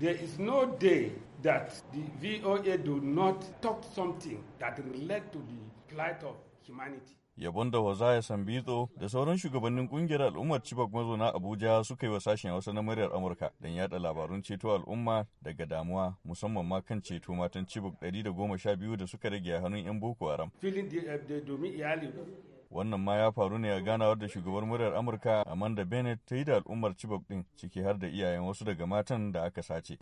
There is no day that the VOA do not talk something that relate to the plight of humanity. Yabon da wazaya Sambito da sauran shugabannin kungiyar al'ummar Chibok mazauna Abuja suka yi wa sashen Hausa na muryar Amurka don yada labarun ceto al'umma daga damuwa musamman ma kan ceto matan Chibok 112 da suka rage hannun 'yan Boko Haram. Filin eh, domin iyali Wannan ma ya faru ne a ganawar da shugabar muryar Amurka Amanda Bennett ta yi da al'ummar Chibok din ciki har da iyayen wasu daga matan da aka sace.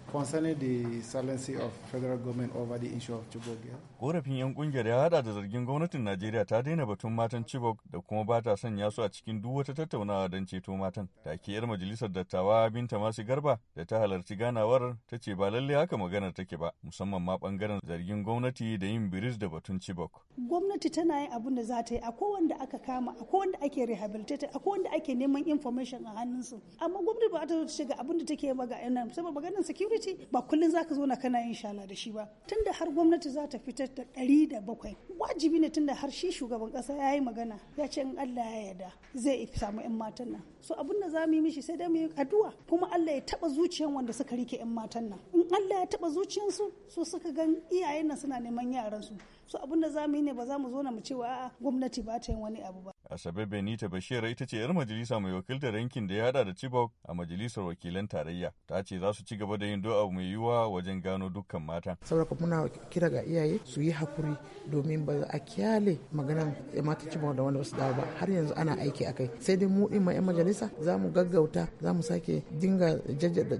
Korafin yan kungiyar ya hada da zargin gwamnatin Najeriya ta daina batun matan Chibok da kuma ba ta sanya su a cikin duk wata tattaunawa don ceto matan. ke yar majalisar dattawa Binta Masu Garba da ta halarci ganawar ta ce ba lallai haka maganar take ba musamman ma bangaren zargin gwamnati da yin biris da batun Chibok. Gwamnati tana yin abin da za ta yi a kowanne wanda aka kama akwai wanda ake rehabilitated akwai wanda ake neman information a hannunsu amma gwamnati ba ta shiga abin da take ba ga yanar saboda maganin security ba kullun zaka zo na kana yin shala da shi ba tunda har gwamnati za ta fitar da ɗari da bakwai wajibi ne tunda har shi shugaban ƙasa ya yi magana ya ce in Allah ya yarda zai samu 'yan matan nan so abun da za mu yi mishi sai dai mu yi addu'a kuma Allah ya taba zuciyan wanda suka rike 'yan matan nan in Allah ya taba zuciyansu so suka gan iyayen nan suna neman yaransu so abin da zamu yi ne ba za mu zo na mu ce a'a gwamnati ba ta yin wani abu ba Asabe Benita Bashir ita ce 'yar majalisa mai wakiltar yankin da ya hada da Chibok a majalisar wakilan tarayya. Ta ce za su ci gaba da yin do'a mai yiwuwa wajen gano dukkan mata. Saboda muna kira ga iyaye su yi hakuri domin ba a kyale maganan mata Chibok da wanda basu dawo ba har yanzu ana aiki a kai. Sai dai mu din ma 'yan majalisa za mu gaggauta za mu sake dinga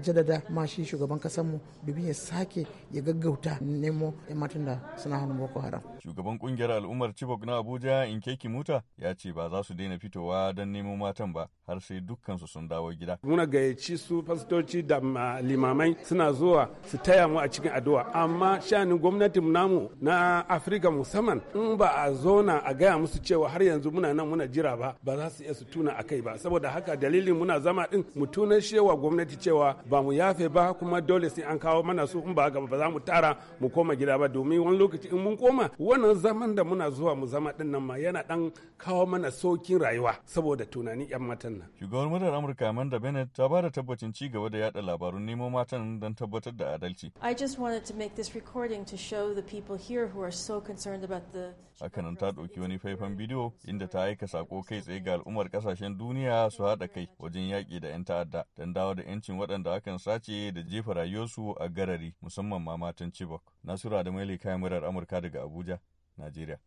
jaddada ma shi shugaban kasanmu domin ya sake ya gaggauta nemo 'yan matan da suna hannun Boko Haram. Shugaban ƙungiyar al'ummar Chibok na Abuja in keki Muta ya ce ba za su daina fitowa don nemo matan ba har sai dukkansu sun dawo gida. Muna gayyaci su fastoci da limamai suna zuwa su taya mu a cikin addu'a amma shanin gwamnati namu na Afirka musamman in ba a zona a gaya musu cewa har yanzu muna nan muna jira ba ba za su iya su tuna a kai ba saboda haka dalilin muna zama din mu tunar shewa gwamnati cewa ba mu yafe ba kuma dole sai an kawo mana su in ba haka ba za mu tara mu koma gida ba domin wani lokaci in mun koma wannan zaman da muna zuwa mu zama din nan ma yana dan kawo mana saukin rayuwa saboda tunani yan matan nan shugaban murar amurka amanda bennett ta ba da tabbacin ci gaba da yada labarun nemo matan don tabbatar da adalci i just wanted to make this recording to show the people here who are so concerned about the hakanan ta dauki wani faifan bidiyo inda ta aika sako kai tsaye ga al'ummar kasashen duniya su hada kai wajen yaƙi da 'yan ta'adda don dawo da 'yancin waɗanda akan sace da jefa rayuwarsu a garari musamman ma matan Chibok. Nasiru Adamaili kayan murar Amurka daga Abuja. Вудя, Надиря.